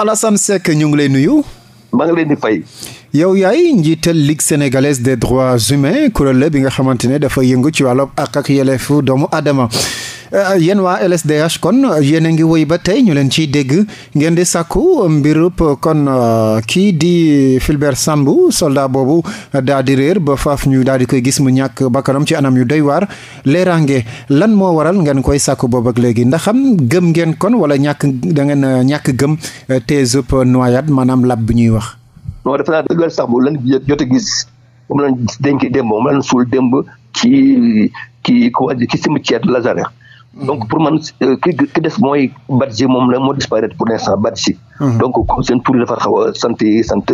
Alassane Seck ñu ngi lay nuyu. maa ngi leen di fay. yow yaay njiital ligue sénégalaise des droits humains kuréel la bi nga xamante ne dafa yëngu ci wàllu àq ak yelleefu doomu aadama. Eh, yéen waa LSDH kon eh, yéen a ngi woy ba tey ñu leen ci dégg ngeen di sàkku mbirub kon eh, kii di Fulbert Sambou soldat boobu daa di réer ba faaf ñu daal di koy gis mu ñàkk bakkanam ci anam yu doy waar leeraange lan moo waral ngeen koy sakku boobu ak léegi ndaxam gëm ngeen kon wala ñàkk dangeen ngeen ñàkk gëm teesub noyade maanaam lab bi ñuy wax. non dafa naa gis moom lañ denc suul démb ci ki ku wàññi ci cimetière Lazare donc pour man euh, ki ki des mooy Badji moom la moo disparaître pour l'instant Badji. Mhm. donc comme seen tur dafa xaw a sant sant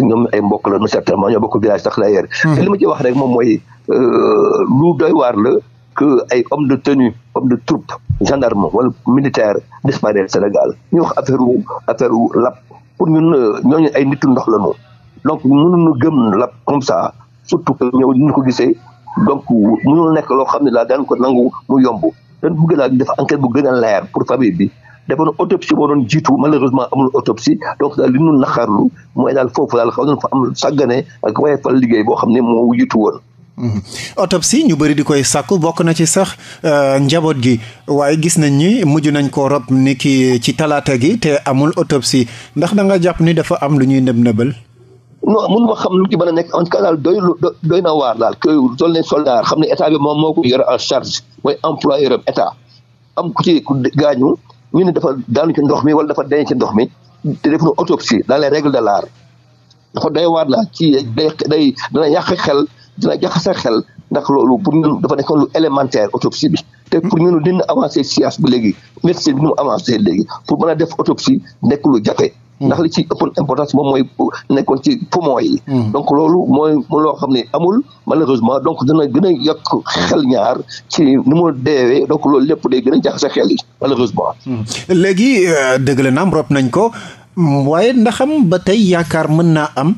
ñoom ay mbokk la nu certainement ñoo bokk village sax d'ailleurs. Mhm. te li ma ci wax rek moom mooy euh, lu doy waar la que ay hommes de tenue hommes de troupe gendarme wala militaire disparaître Sénégal ñu wax affaire wu lap pour ñun euh, ñooñu ay nitu ndox la ñu donc mënuñu gëm lap comme ça surtout que ñëw ko gisee donc mënul nekk loo xam ne daal daan ko nangu mu yomb. dañ bëgg daal def enquête bu gën a leer pour famille bi defoon autopsie moo doon jiitu malheureusement amul autopsie donc daal li ñu naxarlu mooy daal foofu daal xaw nañ fa am sàggane ak waaye fal boo xam ne moo jiitu woon. Mhm. autopsie ñu bëri di koy sàkku bokk na ci sax euh, njaboot gi waaye gis nañ ni mujj nañ ko ni ki ci talaata gi te amul autopsie ndax da nga jàpp ni dafa am lu ñuy nëb nëbal. non mun ma xam lu ci mën a nekk en tout cas doy doy na waar daal que toll nañ soldat xam ne état bi moom moo ko yore en charge mooy employeur am état am ku ci gaañu ñu ne dafa daanu ci ndox mi wala dafa denc ci ndox mi te def na autopsie dans les règles de laar dafa doy waar daal ci day day dana yàq xel dina jaxase xel ndax loolu pour ñun dafa nekkoon lu élémentaire autopsie bi te pour ñun dina avancer science bi léegi médecine bi nu mu avancer léegi pour mën a def autopsie nekk lu jafe Mm. ndax li ci ëppoon importance moom mooy nekkoon ci poumon yi. Mm. donc loolu mooy loo xam ne amul malheureusement donc dana gën a yokk xel ñaar ci ni mu deewee donc loolu lépp day gën a jaxase xel yi malheureusement. Mm. léegi euh, dëgg la naam rob nañ ko waaye ndaxam ba tey yaakaar mën naa am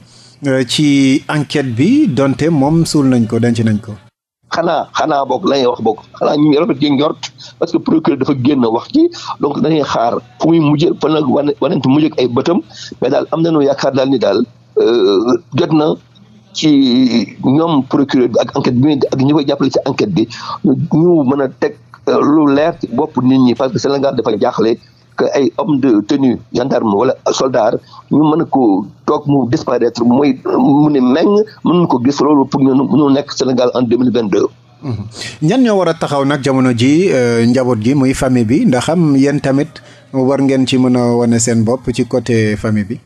euh, ci enquête bi donte moom suul nañ ko denc nañ ko. xanaa xanaa bokk la ñuy wax bokk xanaa ñu ngi rafet gi njort parce que procureur dafa génn wax ci donc dañuy xaar fu muy mujj fa nag wane wanent mujj ak ay bëtam mais daal am na nañu yaakaar daal ni daal euh, jot na ci ñoom procureur bi ak enquête bi ak ñu koy jàppale ci enquête bi ñu mën a teg euh, lu leer ci bopp nit ñi parce que Sénégal dafa jaaxle que ay homme de tenue gendarme wala soldat ñu mën ko toog mu disparaître muy mu ne meng mënuñ ko gis loolu pour ñu mënul nekk Sénégal en deux mille vingt deux mhm. ñan ñoo war a taxaw nag jamono ji euh, njaboot gi muy famille bi ndax am yéen tamit war ngeen ci mën a wane seen bopp ci côté famille bi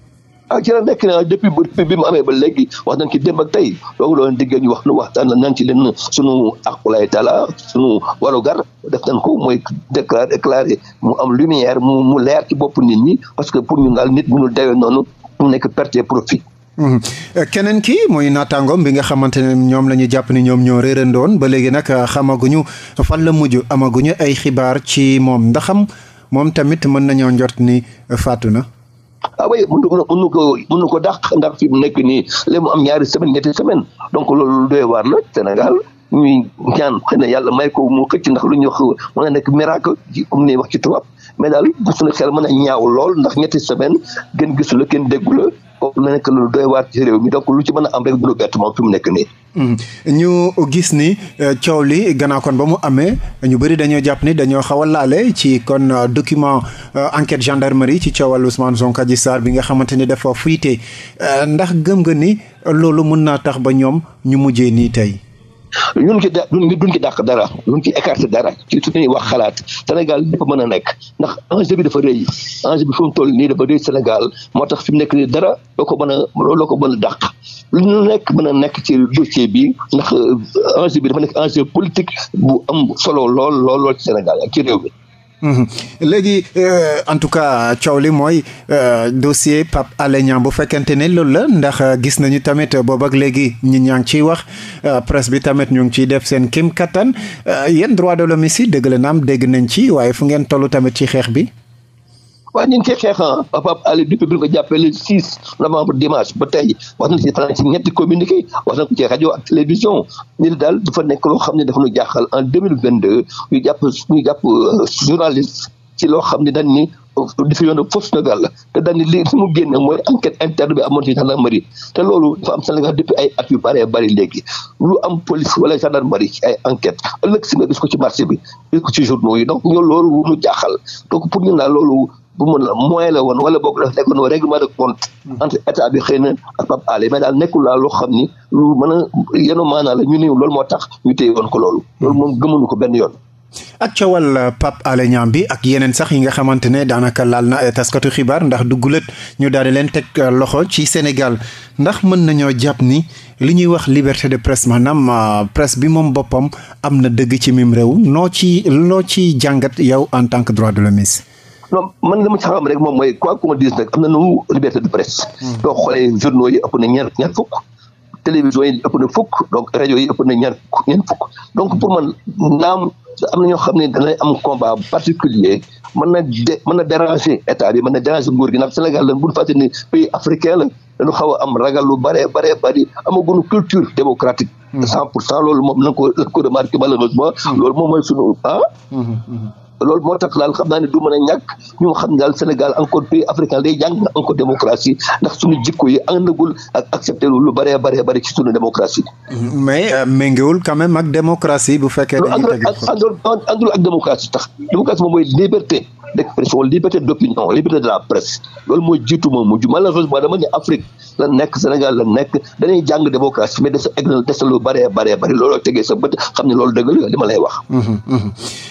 ah ci la nekk na depuis bi mu amee ba léegi wax nañ ci démb ak tey donc loolu diggéen ñu wax nu waxtaan nañ ci leen sunu aqulaay taala sunu warugar def nañ ko mooy déclaré déclaré mu am lumière mu mu leer ci bopp nit ñi parce que pour ñu daal nit mënul dewee noonu mu nekk perte profit mhm. euh, keneen ki mooy naataangoom bi nga xamante ne ñoom la ñu jàpp ni ñoom ñoo réerandoon ba léegi nag euh, xamaguñu fan la mujj amaguñu ay xibaar ci moom ndaxam moom tamit mën nañoo njort ni euh, faatu na ah oui mënu ko mënu ko mënu ko dàq ndax fi mu nekk nii léegi mu am ñaari semaine ñetti semaine donc loolu doy waar la Sénégal ñuy ñaan xëy na yàlla may ko mu xëcc ndax lu ñu wax ma na nekk miracle ci comme ni wax ci tubaab mais daal gis na xel mën a ñaaw lool ndax ñetti semaine gën gisu la kenn déggu la kooku na nekk loolu doy waar ci réew mi donc lu ci mën a am rek bu nu moom fi mu nekk nii Mm. ñu gis ni euh, coow li gannaaw kon ba mu amee ñu bari dañoo jàpp ni dañoo xaw a laale ci kon euh, document euh, enquête gendarmerie ci coowal Ousmane Sonko Adji Sarr bi nga xamante ni dafa fuité ndax gëm nga ni loolu mën naa tax ba ñoom ñu mujjee nii tey. ñun ci da duñ ci dàq dara duñ ci écarté dara ci suñuy wax xalaat Sénégal lépp mën a nekk ndax enjeu bi dafa rëy enjeu bi fu mu toll nii dafa rëy Sénégal moo tax fi mu nekk nii dara loo ko mën a loo ko mën a dàq lu ñu nekk mën a nekk ci dossier bi ndax enjeu bi dafa nekk enjeu politique bu am solo lool lool ci Sénégal ak ci Mhm. léegi euh, en tout cas coow li mooy euh, dossier Pape Alé Niang bu fekkente ne loolu la ndax euh, gis nañu tamit boobu ak léegi ñi ñaa ngi ciy wax presse bi tamit ñu ngi ciy def seen kim kattan yéen droit de l'homme yi dëgg la naam dégg nañ ci waaye fu ngeen tollu tamit ci xeex bi. waaye ñu ngi koy xeexan ah, Pape Alé Diop bi nga jàppee le 6 novembre dimanche ba tey wax na ci ci ñetti communiqué wax na ko ci rajo ak télévision ñu ne daal nekk loo xam ne dafa nu jaaxal en 2022 ñu jàpp ñu jàpp euh, journaliste ci loo xam ne dañ ni euh, diffusion de fausse nouvelle la te dañ ni li su mu génne mooy enquête interne bi amoon ci gendarmerie te loolu dafa am Sénégal depuis at yu bare bari léegi lu am police wala gendarmerie ci ay enquete ëllëg si nga gis ko ci marché bi gis ko ci journaux yi donc ñoo loolu lu jaaxal donc pour ñu naa loolu bu mu moyen la woon wala boog dafa nekkoon règlement de compte mm-hmm. entre état bi xëy na ak Pape Alé mais daal nekkul laa loo xam ni lu mën a yenu maanaa ñu niw loolu moo tax ñu téye woon ko loolu mm-hmm. loolu moom gëmuñu ko benn yoon ak coowal euh, Pape Alé Niang bi ak yeneen sax yi nga xamante ne daanaka laal na euh, taskatu xibaar ndax duggulat ñu daal di leen teg euh, loxo ci Sénégal ndax mën nañoo jàpp ni li ñuy wax liberté de presse maanaam presse bi moom boppam am na dëgg ci mim réew noo ci loo ci jàngat yow en tant que droit de l'homme non man li ma ci xam rek moom mooy quoi qu'on dise nag am na nu liberté de presse. boo hmm. xoolee journaux yi ëpp na ñaar ñaar fukk. télévision yi ëpp na fukk donc rajo yi ëpp na ñaar ñaar fukk donc pour man naam am na ñoo xam ne danay am combat particulier mën na de mën na déranger état bi mën na déranger nguur gi ndax Sénégal lan bu ñu fàtte ni pays africain la dañu xaw a am ragal lu bare bare bari amaguñu culture démocratique. Hmm. cent pour cent loolu moom na ko na ko remarqué malheureusement. Hmm. loolu moom mooy sunu ah. loolu moo tax daal xam naa ne du mën a ñàkk ñu xam daal Sénégal encore pays africain day jàng encore démocratie ndax suñu jikko yi àndagul ak accepté lu bëree bëree bëri ci suñu démocratie. mais euh, méngewul quand même mag démocratie bu fekkee. dañuy teg àndul ak démocratie tax démocratie mooy liberté. d'expression liberté d'opinion liberté de la presse loolu mooy jiitu ma mujj malheureusement dama ne Afrique la nekk Sénégal la nekk dañuy jàng démocratie mais des egg des lu bëree bëree bëri looloo tegee sa bët xam ne loolu dëgg la li ma lay wax.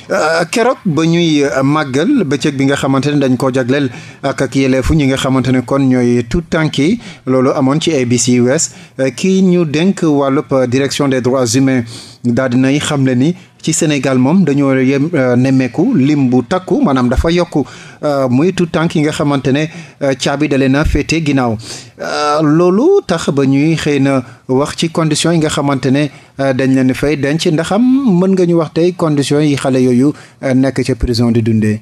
Euh, keroog ba ñuy euh, màggal bëccëg bi nga xamante ne dañ koo jagleel ak ak yeleefu ñi nga xamante ne kon ñooy tout tànk yi loolu amoon ci ABC US euh, kii ñu dénk wàllub direction des droits humains. daal dinay xamle ni ci Sénégal moom dañoo yem euh, nemmeeku lim bu takku maanaam dafa yokk euh, muy tout tànk yi nga xamante ne euh, caabi dale na féete ginnaaw loolu tax ba ñuy xëy na wax ci conditions yi nga xamante ne dañ leen fay denc ndaxam mën nga ñu wax tey conditions yi xale yooyu nekk ca prison di dundee.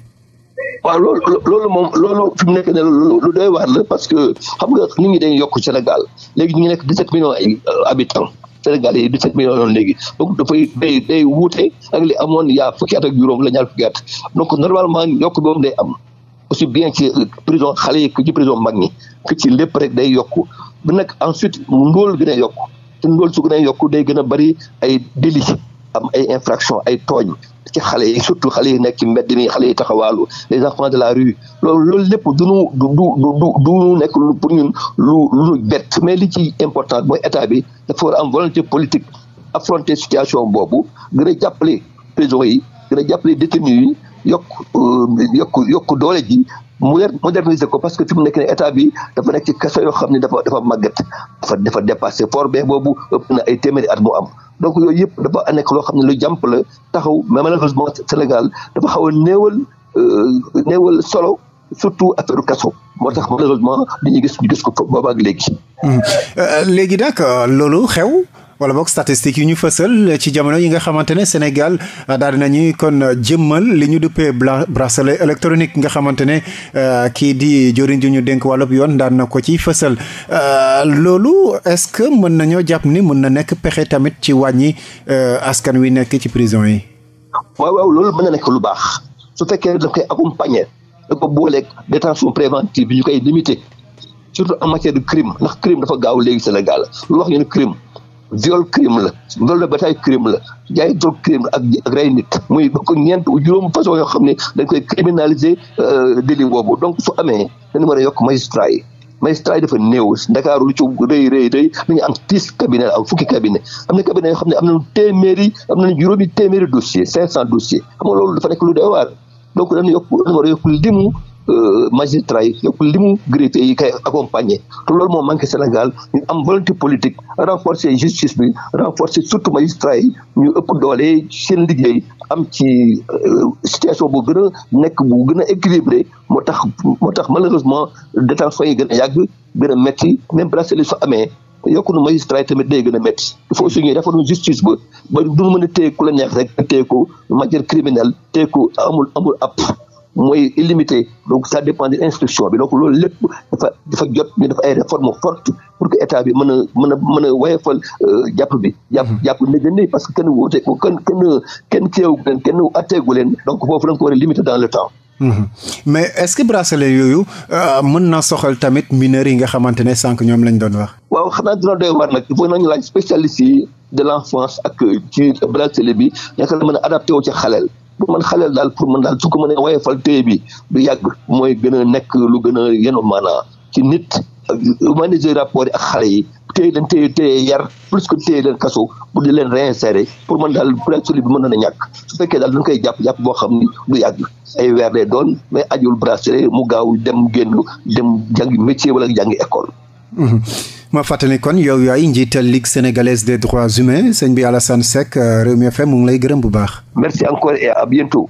waaw loolu moom loolu fi nekk ne lu doy waar la parce que xam nga nit ñi dañ yokk Sénégal léegi ñu ngi nekk 17 millions ay Sénégal yi 17 millions yoon léegi donc dafay day day wuute ak li amoon yaa fukki at ak juróom la ñaar fukki at donc normalement yokk boobu day am aussi bien ci prison xale yi ci prison mag ñi que ci lépp rek day yokk bi nag ensuite ndóol gën a yokk te ndóol su gën a yokk day gën a bari ay délit am ay infraction ay tooñ ci xale yi surtout xale yi nekk ci mbedd mi xale yi taxawaalu les enfants de la rue loolu loolu lépp du nu du du du nekk lu pour ñun lu lu nu bett mais li ci important mooy état bi dafa war am volonté politique affronter situation boobu gën a jàppale prison yi gën a jàppale détenu yi yokk euh, yokk yokk doole ji moderniser ko parce que fi mu nekk ne état bi dafa nekk ci kaso yoo xam ne dafa dafa màgget dafa dafa dépassé fort bee boobu ëpp na ay téeméeri at mu am donc yooyu yëpp dafa nekk loo xam ne lu jàmp la taxaw mais malheureusement Sénégal dafa xaw a néewal euh, néewal solo surtout affaire kaso moo tax malheureusement dañuy gis ñu gis ko booba ak léegi. Hmm. Euh, léegi nag euh, loolu xew. wala boog statistique yu ñu fësal ci jamono yi nga xamante ne Sénégal euh, daal dinañuy kon jëmmal li ñu duppee bracelet électronique nga xamante ne kii di joriñ ju ñu dénk wàllub yoon daan na ko ci fësal loolu est-ce que mën nañoo jàpp ni mën na nekk pexe tamit ci wàññi askan wi nekk ci prison yi. waaw waaw loolu mën na nekk lu baax su fekkee da koy accompagner. da ko booleeg détention préventive bi ñu koy limité surtout en matière de crime ndax crime dafa gaaw léegi Sénégal lu wax ñu ne crime viol crime la viol de bataille crime la jaay drogue crime ak ak rey nit muy ko ñeent juróom façon yoo xam ne dañ koy criminaliser euh, délit boobu donc su amee a yokk magistrat yi magistrat yi dafa néew Ndakaaru lu ci rëy rëy rëy dañu am dix cabinet am fukki cabinet am na cabinet yoo xam ne am nañu téeméeri am nañu juróomi téeméeri dossier cinq cent dossiers xam nga loolu dafa nekk lu doy waar donc dañu yokk dañu war a yokk limu euh, magistrat yi yokk limu greffier yi kay accompagner te loolu moo manqué Sénégal am volonté politique renforcer justice bi renforcer surtout magistrat ñu ëpp doole seen liggéey am ci euh, situation bu gën a nekk bu gën a équilibré moo tax moo tax malheureusement détention yi gën a yàgg gën a metti même bracelet su amee yokku nu magistrat yi tamit day gën a métti il faut aussi ñuy defaru justice ba ba du mën a téye ku la neex rek téye ko matière criminelle téye amul amul app mooy illimité donc ça dépend de instruction bi donc loolu lépp dafa dafa jot ñu def ay réformes fortes pour que état bi mën a mën a mën a woyofal euh, jàpp bi. jàpp mhm. jàpp ndëgënd parce que kenn woote ko kenn kenn kenn kéewu leen kenn atteegu leen donc foofu da nga ko war a limiter dans le temps. Mhm. mais est-ce que bracelet yooyu euh, mën na soxal tamit mineurs yi nga xamante ne sànq ñoom lañ doon wax. waaw xanaa dina doy waar nag il faut nañu laaj spécialiste yi de l'enfance ak ci bi naka la mën a adapté wu ci xaleel. bu man xaleel daal pour man daal su ko mënee woyofal téye bi du yàgg mooy gën nekk lu gën a yenu maanaa ci nit manager rapport yi ak xale yi téye leen téye téye yar plus que téye leen kaso pour di leen réinsérer pour man daal bracelet bi mën na ñàkk su fekkee daal dañ koy jàpp jàpp boo xam ni du yàgg ay weer lay doon mais ajul bracelet mu gaaw dem génn dem jàngi métier wala jàngi école. Mhm. ma fàttali kon yow yaay njiital Ligue sénégalaise des droits humains sëñ bi Alassane Seck euh, Rewmi FM mu ngi lay gërëm bu baax. merci encore et à bientôt.